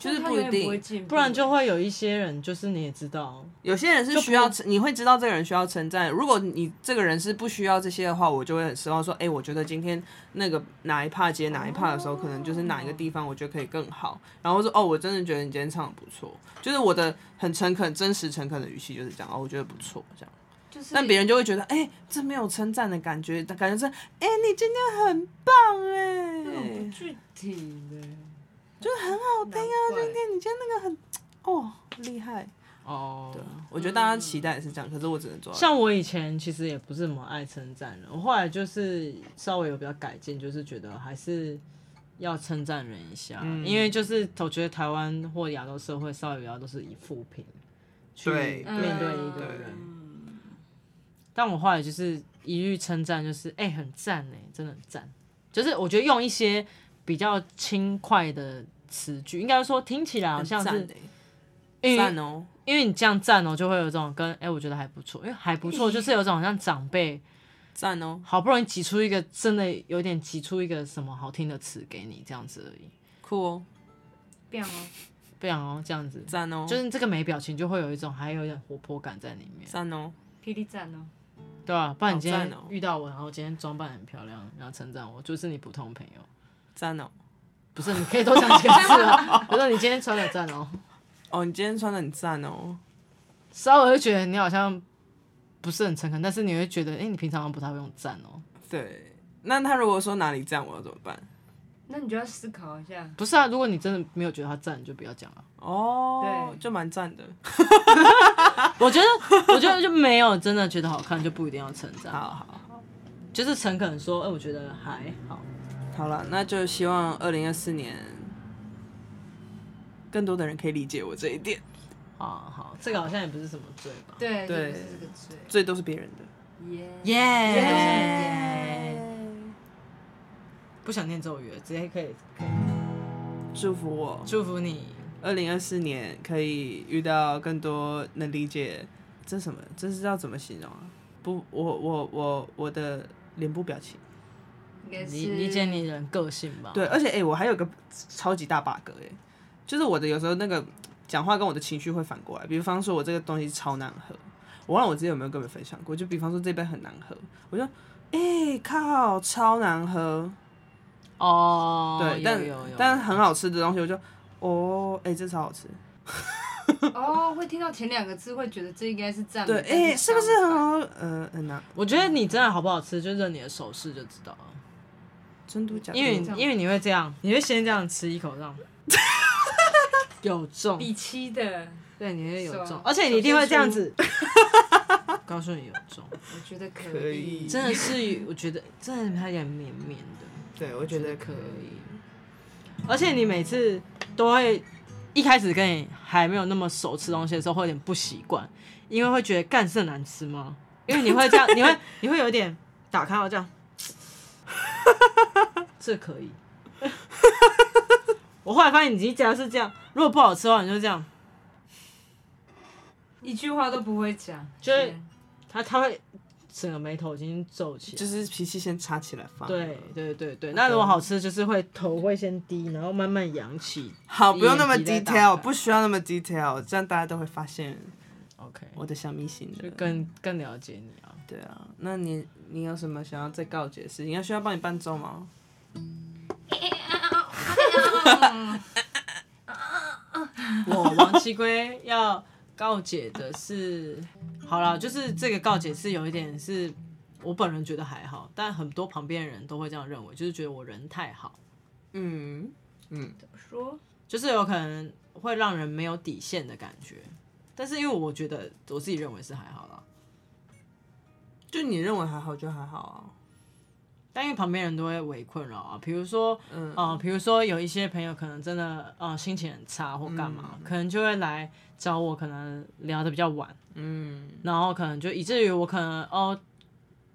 就是不一定，不然就會有一些人，就是你也知道，有些人是需要你會知道這個人需要稱讚。如果你這個人是不需要這些的話，我就會很失望。說，哎，我覺得今天那個哪一帕接哪一帕的時候，可能就是哪一個地方，我覺得可以更好。然後說，哦，我真的覺得你今天唱得不錯，就是我的很誠懇、真實、誠懇的語氣就是這樣。哦，我覺得不錯，這樣。但別人就會覺得，哎，這沒有稱讚的感覺，但感覺是哎，你今天很棒，哎，這種不具體的。我覺得很好聽啊！今天你覺得那個很，哦，厲害哦。Oh, 對、啊嗯，我覺得大家期待也是這樣，可是我只能做。像我以前其實也不是怎麼愛稱讚人，我後來就是稍微有比較改進，就是覺得還是要稱讚人一下，嗯，因為就是我覺得台灣或亞洲社會稍微比較都是以負評去面對一個人對、嗯。但我後來就是一律稱讚，就是哎、欸，很讚呢，真的很讚，就是我覺得用一些比較輕快的。詞句應該說聽起來好像是，讚哦、欸喔，因為你這樣讚哦，就會有這種跟哎，欸、我覺得還不錯，欸還不錯，就是有種好像長輩讚哦，好不容易擠出一個真的有點擠出一個什麼好聽的詞給你這樣子而已，酷哦、喔，變哦，變哦，這樣子讚哦、喔，就是這個沒表情就會有一種還有一點活潑感在裡面，讚哦，霹靂讚哦，對啊，不然你今天遇到我，然後今天裝扮很漂亮，然後稱讚我，就是你普通朋友讚哦。不是，你可以多講幾次啊。比如 [laughs] 說你今天穿的很讚哦。哦、oh,，你今天穿的很讚哦、喔。稍微會覺得你好像不是很誠懇，但是你會覺得，哎、欸，你平常不太會用讚哦、喔。對。那他如果說哪裡讚，我要怎麼辦？那你就要思考一下。不是啊，如果你真的沒有覺得他讚，你就不要講了。哦、oh,。對，就蠻讚的。 [laughs] [laughs] 我覺得，我覺得就沒有真的覺得好看，就不一定要稱讚。好 [laughs] 好好。就是誠懇說，哎、欸，我覺得還好。好了，那就希望二零二四年，更多的人可以理解我這一點。啊，好，這個好像也不是什麼罪吧？對對，對，罪，罪都是別人的。耶、yeah、耶、yeah yeah，不想念咒語了，直接可以可以祝福我，祝福你。二零二四年可以遇到更多能理解，這是什麼？這是要怎麼形容啊？不，我我我我的臉部表情。理解你的個性吧。對，而且哎、欸，我還有個超級大 bug 哎、欸，就是我的有時候那個講話跟我的情緒會反過來。比方說我這個東西超難喝，我忘了我之前有沒有跟你們分享過。就比方說這杯很難喝，我就哎、欸、靠，超難喝哦。Oh, 對，有有有有，但但是很好吃的東西，我就哦哎、欸，這超好，好吃。哦、oh, [laughs] 會聽到前兩個字，會覺得這應該是贊。對，哎、欸，是不是很好？呃很難。我覺得你真的好不好吃，就用你的手勢就知道了。因為因為你會這樣，你會先這樣吃一口肉，這 [laughs] 樣有重比起的，對，你會有重，so、而且你一定會這樣子，告訴你有重，我覺得可以，真的是我覺得真的它有點綿綿的，對，我覺得可以，okay. 而且你每次都會一開始跟你還沒有那麼熟吃東西的時候會有點不習慣，因為會覺得乾澀難吃嗎？ [laughs] 因為你會這樣，你會你會有點打開哦，這樣。 [laughs] 這可以， [laughs] [laughs] 我後來發現你家是這樣，如果不好吃的話你就這樣，一句話都不會講、嗯，就是他他會整個眉頭已經皺起來，就是脾氣先插起來發。對對對對，那如果好吃就是會頭會先低，然後慢慢揚起。好，不用那麼 detail，不需要那麼 detail，這樣大家都會發現。OK，我的小秘辛，就更更了解你啊。對啊，那你你有什麼想要再告誡的事情？要需要幫你伴奏嗎？ [laughs] [laughs] 我王七龜要告解的是，好了，就是這個告解是有一點是我本人覺得還好，但很多旁邊人都會這樣認為，就是覺得我人太好。嗯嗯，怎麼說？就是有可能會讓人沒有底線的感覺，但是因為我覺得我自己認為是還好了，就你認為還好就還好啊。但因為旁邊人都會圍困了啊，比如說，嗯、呃，比如說有一些朋友可能真的啊、呃，心情很差或幹嘛、嗯，可能就會來找我，可能聊得比較晚，嗯，然後可能就以至於我可能哦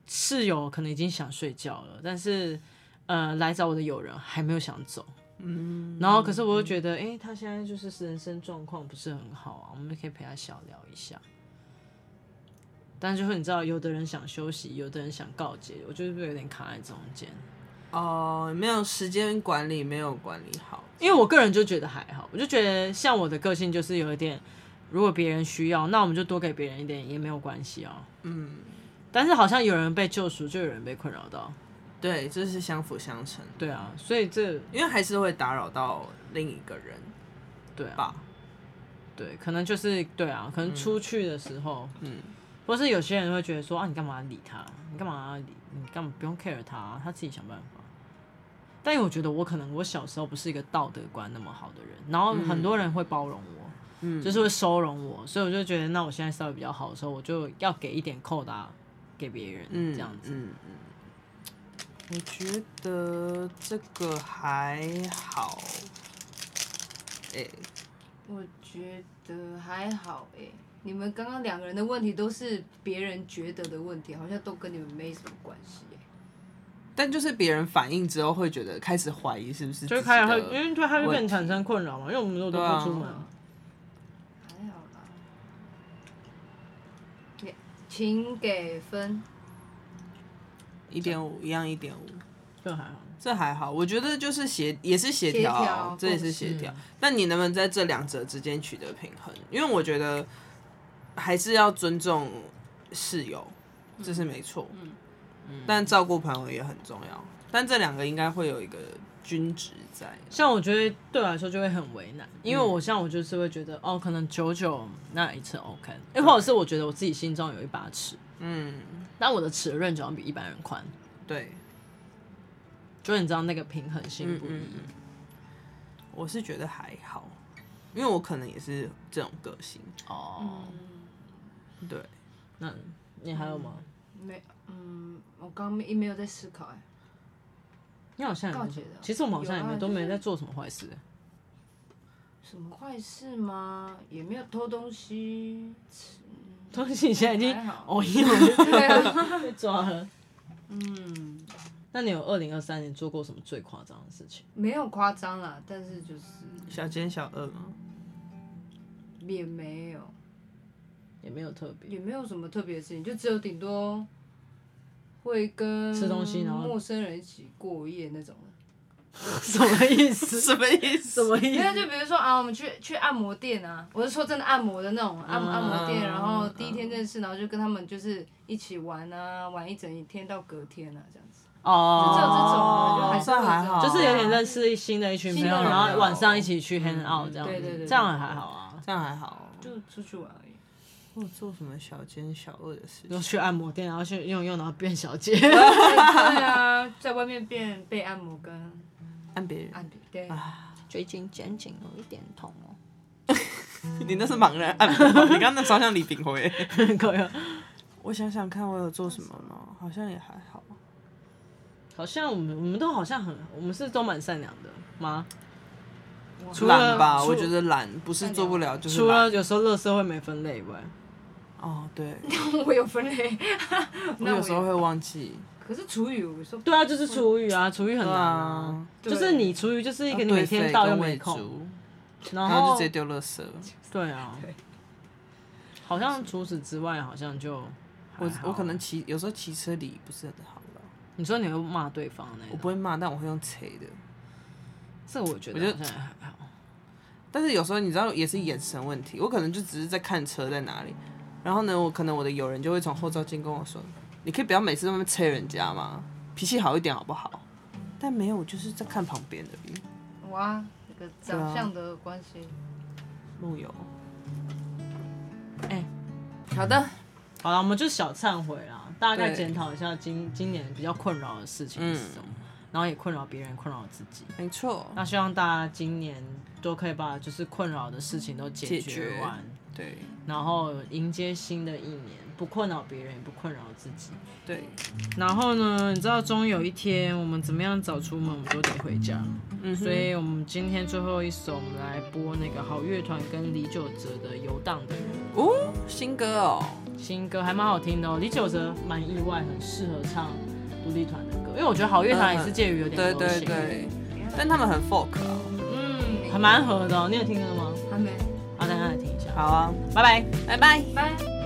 室友可能已經想睡覺了，但是呃來找我的友人還沒有想走，嗯，然後可是我就覺得，哎、嗯欸，他現在就是人生狀況不是很好啊，我們可以陪他小聊一下。但就是你知道，有的人想休息，有的人想告捷，我就是有點卡在中間。哦、呃，沒有時間管理，沒有管理好。因為我個人就覺得還好，我就覺得像我的個性就是有一點，如果別人需要，那我們就多給別人一點也沒有關係哦。嗯，但是好像有人被救贖，就有人被困擾到。對，這、就是相輔相成。對啊，所以這因為還是會打擾到另一個人。對啊，吧對，可能就是對啊，可能出去的時候，嗯。嗯不是有些人會覺得說啊，你幹嘛要理他？你幹嘛要理？你幹嘛不用 care 他、啊？他自己想辦法。但我覺得我可能我小時候不是一個道德觀那麼好的人，然後很多人會包容我，嗯、就是會收容我，所以我就覺得那我現在稍微比較好的時候，我就要給一點扣打給別人，這樣子、嗯嗯嗯。我覺得這個還好。哎、欸，我覺得還好哎、欸。你們剛剛兩個人的問題都是別人覺得的問題，好像都跟你們沒什麼關係欸。但就是別人反應之後會覺得開始懷疑是不是？就開始因為就開始變產生困擾嘛，因為我們又都不出門啊。還好啦。Yeah, 請給分。一點五一樣，一點五，這還好，這還好。我覺得就是協也是協調，這也是協調。那你能不能在這兩者之間取得平衡？因為我覺得。還是要尊重室友，這是沒錯、嗯嗯。但照顧朋友也很重要。但這兩個應該會有一個均值在。像我覺得對我來說就會很為難，因為我像我就是會覺得、嗯、哦，可能九九那一次 OK，哎，或者是我覺得我自己心中有一把尺，嗯，那我的尺的 range 好像比一般人寬。對，就你知道那個平衡性不一樣、嗯嗯嗯嗯。我是覺得還好，因為我可能也是這種個性哦。嗯對，那你還有嗎？嗯、沒，嗯，我剛剛沒有在思考哎、欸，你好像也沒有，其實我們好像也沒有都沒在做什麼壞事、欸，就是、什麼壞事嗎？也沒有偷東西偷、嗯、東西現在已經哦，對啊，被 [laughs] 抓了。嗯，那你有二零二三年做過什麼最誇張的事情？沒有誇張啦，但是就是小奸小惡嗎、嗯？也沒有。也沒有特別，也沒有什麼特別的事情，就只有頂多會跟吃東西然後，陌生人一起過夜那種。 [laughs] [laughs] 什麼意思？什麼意思？ [laughs] 什麼意思？就比如說啊，我們去去按摩店啊，我是說真的按摩的那種按摩按摩店，然後第一天認識，然後就跟他們就是一起玩啊，玩一整一天到隔天啊這樣子。哦、oh。就只有這種、哦、就還算，算還好、啊，就是有點認識新的一群朋友的，然後晚上一起去 hang out 這樣子，嗯、對，對，對對對，這樣也還好啊，這樣還好、這樣還好啊，就出去玩。我有做什麼小奸小惡的事情？要去按摩店，然後去用用，然後變小姐。 [laughs] [laughs] 對啊，在外面變被按摩跟，嗯、按別人。按別人。最近肩頸有一點痛哦，喔。嗯， [laughs] 你那是盲人按摩？你剛剛那說像李炳輝。 [laughs] 我想想看，我有做什麼嗎？好像也還好。好像我們我們都好像很，我們是都蠻善良的嗎？懶吧？我覺得懶不是做不了，就是除了有時候垃圾會沒分類以外。哦、oh，對，我有分類，我有時候會忘記。可是廚餘，我說。對啊，就是廚餘啊， [laughs] 廚餘很難啊，就是你廚餘就是一個你每天倒又沒空， [laughs] 然後就直接丟垃圾。對啊 [laughs] 對。好像除此之外，好像就我我可能騎有時候騎車禮儀不是很好吧。你說你會罵對方那種？我不會罵，但我會用催的。這我覺得好好，我覺得， [laughs] 但是有時候你知道，也是眼神問題，我可能就只是在看車在哪裡。然後呢，我可能我的友人就會從後照鏡跟我說：“你可以不要每次都那麼催人家嘛，脾氣好一點好不好？”但沒有，就是在看旁邊的。哇，這個長相的關係、啊。路有哎、欸，好的，好了，我們就小懺悔啦，大概檢討一下今今年比較困擾的事情是什麼，然後也困擾別人，困擾自己。沒錯。那希望大家今年都可以把就是困擾的事情都解決完。決，對。然後迎接新的一年，不困擾別人，也不困擾自己。對，然後呢？你知道，終有一天，我們怎麼樣早出門，我們都得回家。嗯，所以我們今天最後一首，我們來播那個好樂團跟李玖哲的《遊蕩的人》。哦，新歌哦，新歌還蠻好聽的哦。李玖哲蠻意外，很適合唱獨立團的歌，嗯，因為我覺得好樂團也是介於有點、嗯、對對對，但他們很 folk 啊，哦嗯，嗯，還蠻合的。哦。你有聽歌嗎？還沒，好，啊，等一下來聽。好啊，拜拜，拜拜，拜。